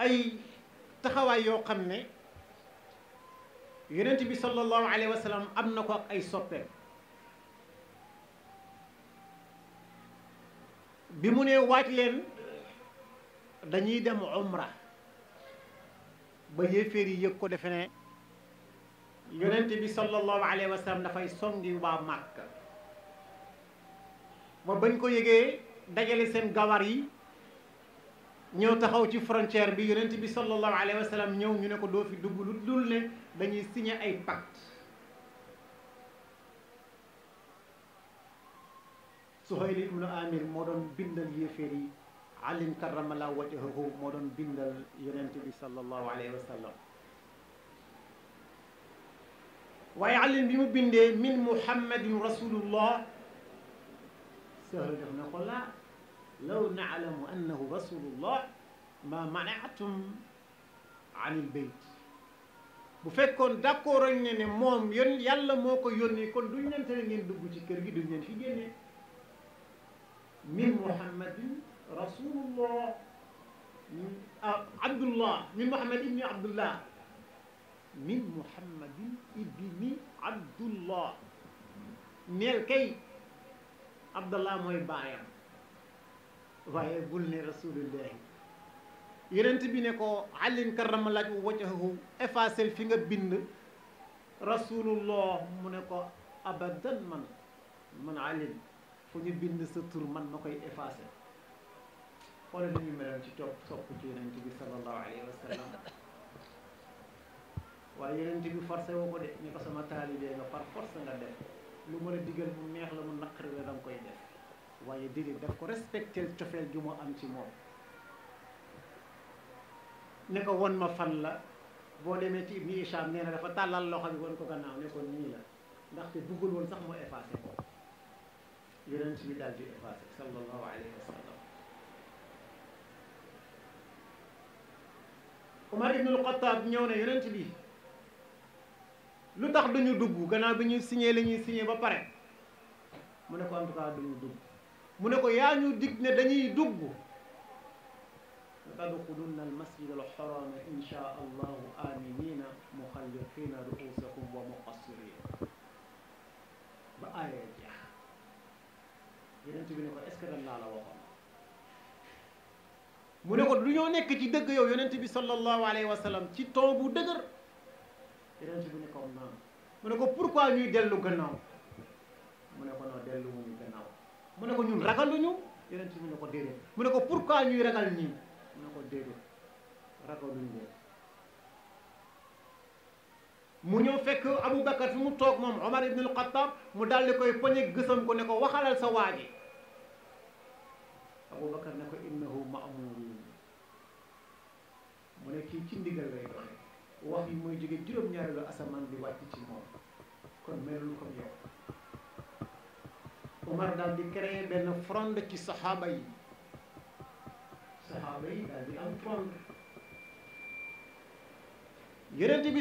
ay taxawaay yoo xam ne yonent bi sallallahu alayhi wa am na ko ak ay soppeem bi mu ne waaj leen dañuy dem umra ba yéeféer yi yëg ko defe ne yonent bi sallallahu alayhi wa sallam dafay songi waa Màkka ba bañ ko yëgee dajale seen gawar yi ñëw taxaw ci frontière bi yonent bi sallallahu alayhi wa sallam ñëw ñu ne ko doo fi dugg lu dul ne dañuy signé ay pacte Suhayl ibnu Amir moo doon bindal yéeféer yi alin karamala wajhahu moo doon bindal yonent bi sallallahu alayhi wa sallam waaye alin bi mu bindee min muhammadin rasulullah law naalamu annahu rasulullah ma manaatum anil bayt bu fekkoon d'accord añ ne ne moom yon yàlla moo ko yónni kon duñ leen tere ngeen dugg ci kër gi duñ leen fi génnee min muhammadin rasulullah abdullah min muhammad ibni abdullah min muhammadin ibni abdullah neel kay abdullah mooy baayam waaye bul ne rasulullahi yonent bi ne ko alin karamalaaj wajhahu effacel fi nga bind rasulullah mu ne ko abadan man man alin fu ñu bind sa tur man ma koy effacé wala li ñu meloon ci topp sopp ci yonent bi sallallahu alayhi wa sallam waaye yonent bi forcé woo ko de ni ko sama taalibee nga par force nga def lu mën a digal mu neex la mu naqari la danga koy def waaye déedéet daf ko respecté cofeel ju mu am ci moom ne ko won ma fan la boo demee ci ibni Hisham nee na dafa tàllal loxo bi won ko gannaaw ne ko nii la ndaxte buggul woon sax mu effacé ko yonent bi daal di effacé sallallahu alayhi wa sallam Umar ibnul Xattaab ñëw ne yonent bi lu tax duñu dugg gannaaw bi ñu signé li ñuy ba pare mu ne ko en tout duñu dugg mu ne ko yaa ñu dig ne dañuy dugg tadxulunna almasjid alxarama insha allahu ba aaya jeex yeneen bi ne ko est ce que dan mu ne ko du ñoo nekk ci dëgg yow yonent bi sallallahu alayhi wa sallam ci ton bu dëgër yonent bi ne ko mu ne ko pourquoi ñuy dellu gannaaw mu ne ko non dellu mu ne ko ñun ragaluñu yeneen ci mu ne ko déedéet mu ne ko pourquoi ñuy ragal ñii mu ne ko déedéet ragaluñu leen mu ñëw fekk Aboubacar fi mu toog moom Omar ibn al mu daal di ko ne ko waxalal sa waaji Aboubacar ne ko innahu kii ci ndigal lay doxe wax yi mooy jóge juróom-ñaareelu asamaan bi wàcc ci moom kon melul comme yow Omar daal di créer benn fronde ci saxaaba yi saxaaba yi daal di am fronde yonent bi